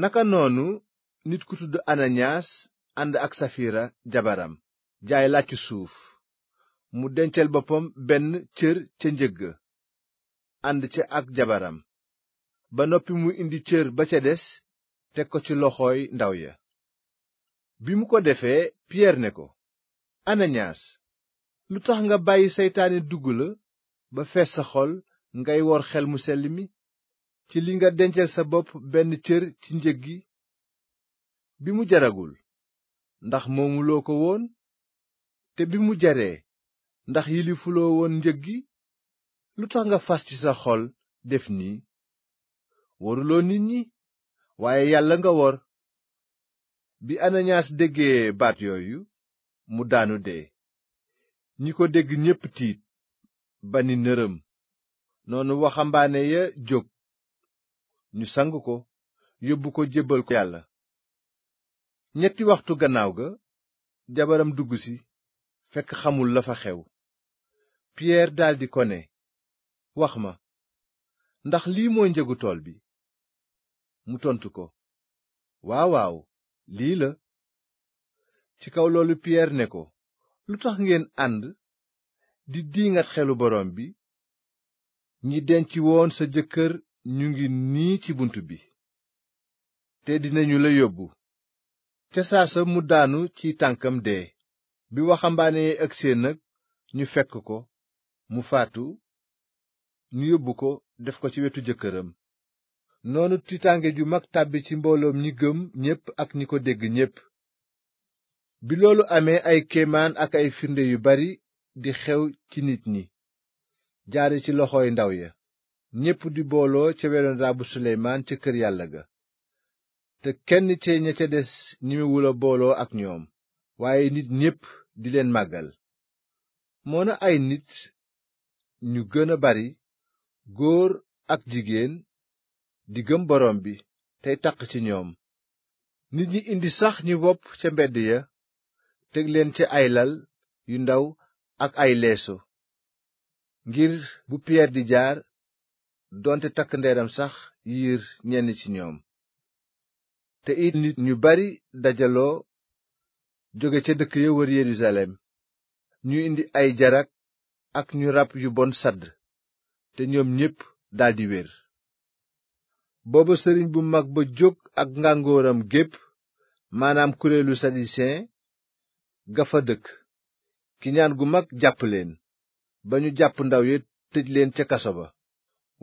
naka noonu nit ku tudd ananiyas ànd ak safira jabaram jaay làccu suuf mu dencal boppam benn cër ca njëg ga ànd ca ak jabaram ba noppi mu indi cër ba ca des teg ko ci loxooy ndaw ya bi mu ko defee piyeer ne ko ananiyas lu tax nga bàyyi seytaane dugg la ba fees sa xol ngay wor xel mu selli mi ci li nga dencal sa bopp benn cër ci njëg gi bi mu jaragul ndax moomuloo ko woon te bi mu jaree ndax yilifuloo woon njëg gi lu tax nga fas ci sa xol def nii waruloo nit ñi waaye yàlla nga wor bi ananiyaas déggee baat yooyu mu daanu dee ñi ko dégg ñépp tiit ba ni nërëm noonu waxambaane ya jóg ñu sang ko yóbbu ko jébbal ko yàlla ñetti waxtu gannaaw ga jabaram dugg si fekk xamul la fa xew piyeer daldi ko ne wax ma ndax lii mooy njëgu tool bi mu tontu ko waawaaw lii la ci kaw loolu piyeer ne ko lu tax ngeen ànd di diingat xelu boroom bi ñi denc woon sa jëkkër ñu ngi nii ci bunt bi te dinañu la yóbbu ca saasa mu daanu ci tànkam dee bi waxambaane yi agsee nag ñu fekk ko mu faatu ñu yóbbu ko def ko ci wetu jëkkëram noonu tiitaange ju mag tàbbi ci mbooloom ñi gëm ñépp ak ñi ko dégg ñépp bi loolu amee ay kéemaan ak ay firnde yu bari di xew ci nit ñi jaare ci loxooy ndaw ya ñépp di booloo ca wetu raabu suleymaan ca kër yàlla ga te kenn ca ña ca des ñemewula booloo ak ñoom waaye nit ñépp di leen màggal moona ay nit ñu gën a bari góor ak jigéen di gëm boroom bi tey taq ci ñoom nit ñi indi sax ñu bopp ca mbedd ya teg leen ci ay lal yu ndaw ak ay leeso ngir bu piyeer di jaar doonte takkandeeram sax yiir ñenn ci ñoom te it nit ñu bari dajaloo jóge ca dëkk ya wër Yerusalem ñu indi ay jarak ak ñu rab yu bon sadd te ñoom ñépp daldi wér booba sëriñ bu mag ba jóg ak ngàngooram gépp maanaam kuréelu sadduséen gafa dëkk ki ñaan gu mag jàpp leen ba ñu jàpp ndaw ya tëj leen ca kaso ba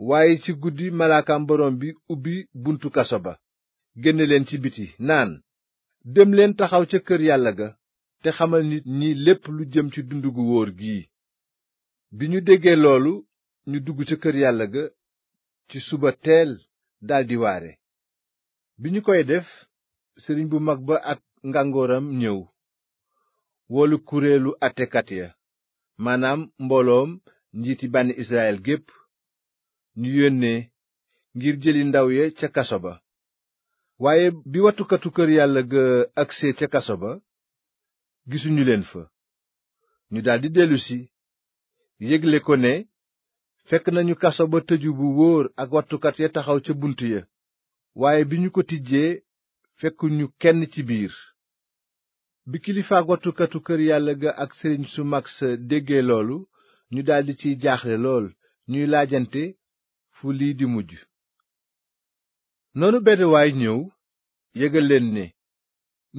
waaye ci guddi malaakam borom bi ubbi buntu kaso ba génne leen ci biti naan dem leen taxaw ca kër yàlla ga te xamal nit ñi lépp lu jëm ci dund gu wóor gi bi ñu déggee loolu ñu dugg ca kër yàlla ga ci suba teel daldi waare bi ñu koy def sëriñ bu mag ba ak ngàngooram ñëw woolu kuréelu àttekat ya maanaam mbooloom njiiti bànni Israyil gépp ñu yónnee ngir jëli ndaw ya ca kaso ba waaye bi wattukatu kër yàlla ga agsee ca kaso ba gisuñu leen fa ñu daldi dellusi yégle ko ne fekk nañu kaso ba tëju bu wóor ak wattukat ya taxaw ca bunt ya waaye bi ñu ko tijjee fekkuñu kenn ci biir bi kilifaak wattukatu kër yàlla ga ak sëriñ su mag sa déggee loolu ñu daldi ciy jaaxle lool ñuy laajante fu lii di mujj noonu benn waay ñëw yégal leen ne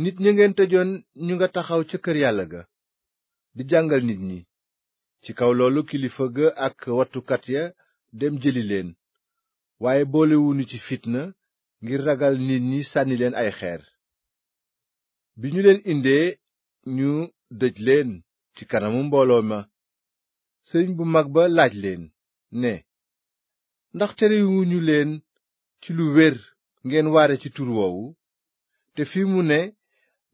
nit ñi ngeen tëjoon ñu nga taxaw ca kër yàlla ga di jàngal nit ñi ci kaw loolu kilifa ga ak wattukat ya dem jëli leen waaye boolewuñu ci fitna ngir ragal nit ñi sànni leen ay xeer bi ñu leen indee ñu dëj leen ci kanamu mbooloo ma sëriñ bu mag ba laaj leen ne ndax terewuñu leen ci lu wér ngeen waare ci tur woowu te fi mu ne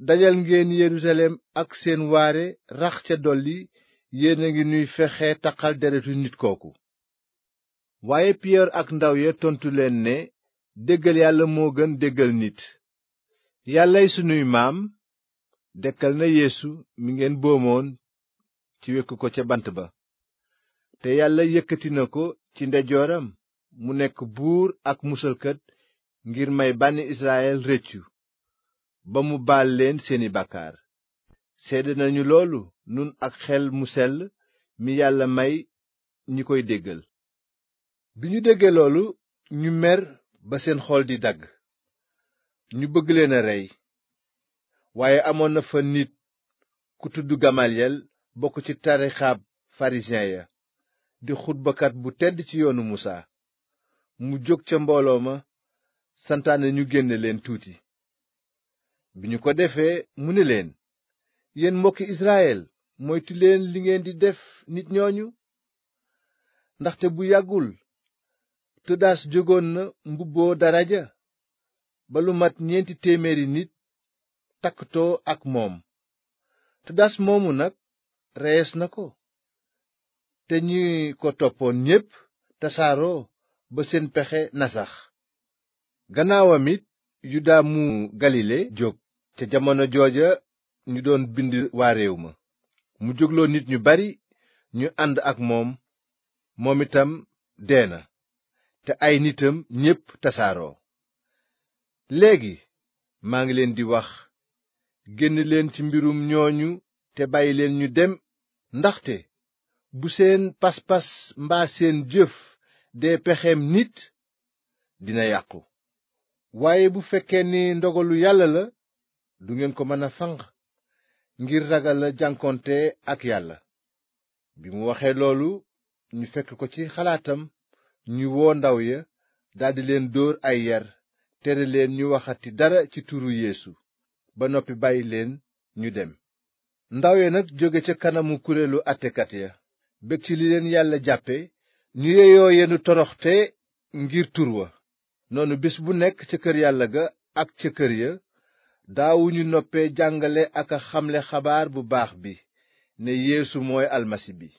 dajal ngeen yerusalem ak seen waare rax ca dolli yéen a ngi nuy fexe taqal deretu nit kooku waaye piyeer ak ndaw ya tontu leen ne déggal yàlla moo gën déggal nit yàllay sunuy maam dekkal na yéesu mi ngeen boomoon ci wekk ko ca bant ba te yàlla yëkkati na ko ci ndeyjooram mu nekk buur ak musalkat ngir may bànni Israyil rëccu ba mu baal leen seeni bàkkaar seede nañu loolu nun ak xel mu sell mi yàlla may ñi koy déggal bi ñu déggee loolu ñu mer ba seen xool di dagg ñu bëgg leena rey waaye amoon na fa nit ku tudd Gamaliyel bokk ci tarixaab farisiyen ya di xutbakat bu tedd ci yoonu Musaa mu jóg ca mbooloo ma santaane ñu génne leen tuuti bi ñu ko defee mu ne leen yéen mbokki Israyel moytu leen li ngeen di def nit ñooñu ndaxte bu yàggul Tëdaas jógoon na mbubboo daraja balu lu mat ñeenti téeméeri nit takkatoo ak moom Tëdaas moomu nag rees na ko te ñi ko toppoon ñépp tasaaroo ba seen pexe nasax gannaawam it yudaa mu galile jóg ca jamono jooja ñu doon bind waa réew ma mu jógloo nit ñu bari ñu ànd ak moom moom itam dee na te ay nitam ñépp tasaaroo léegi maa ngi leen di wax génn leen ci mbirum ñooñu te bàyyi leen ñu dem ndaxte bu seen pas-pas mbaa seen jëf dee pexeem nit dina yàqu waaye bu fekkee ni ndogalu yàlla la du ngeen ko mën a fanq ngir ragal la jànkonte ak yàlla bi mu waxee loolu ñu fekk ko ci xalaatam ñu woo ndaw ya daldi leen dóor ay yar tere leen ñu waxati dara ci turu yéesu ba noppi bàyyi leen ñu dem ndaw ya nag jóge ca kanamu kuréelu àttekat ya bég ci li leen yàlla jàppe ñu yeyoo yenu toroxte ngir tur wa noonu bés bu nekk ca kër yàlla ga ak ca kër ya daawuñu noppee jàngale ak a xamle xabaar bu baax bi ne yéesu mooy almasi bi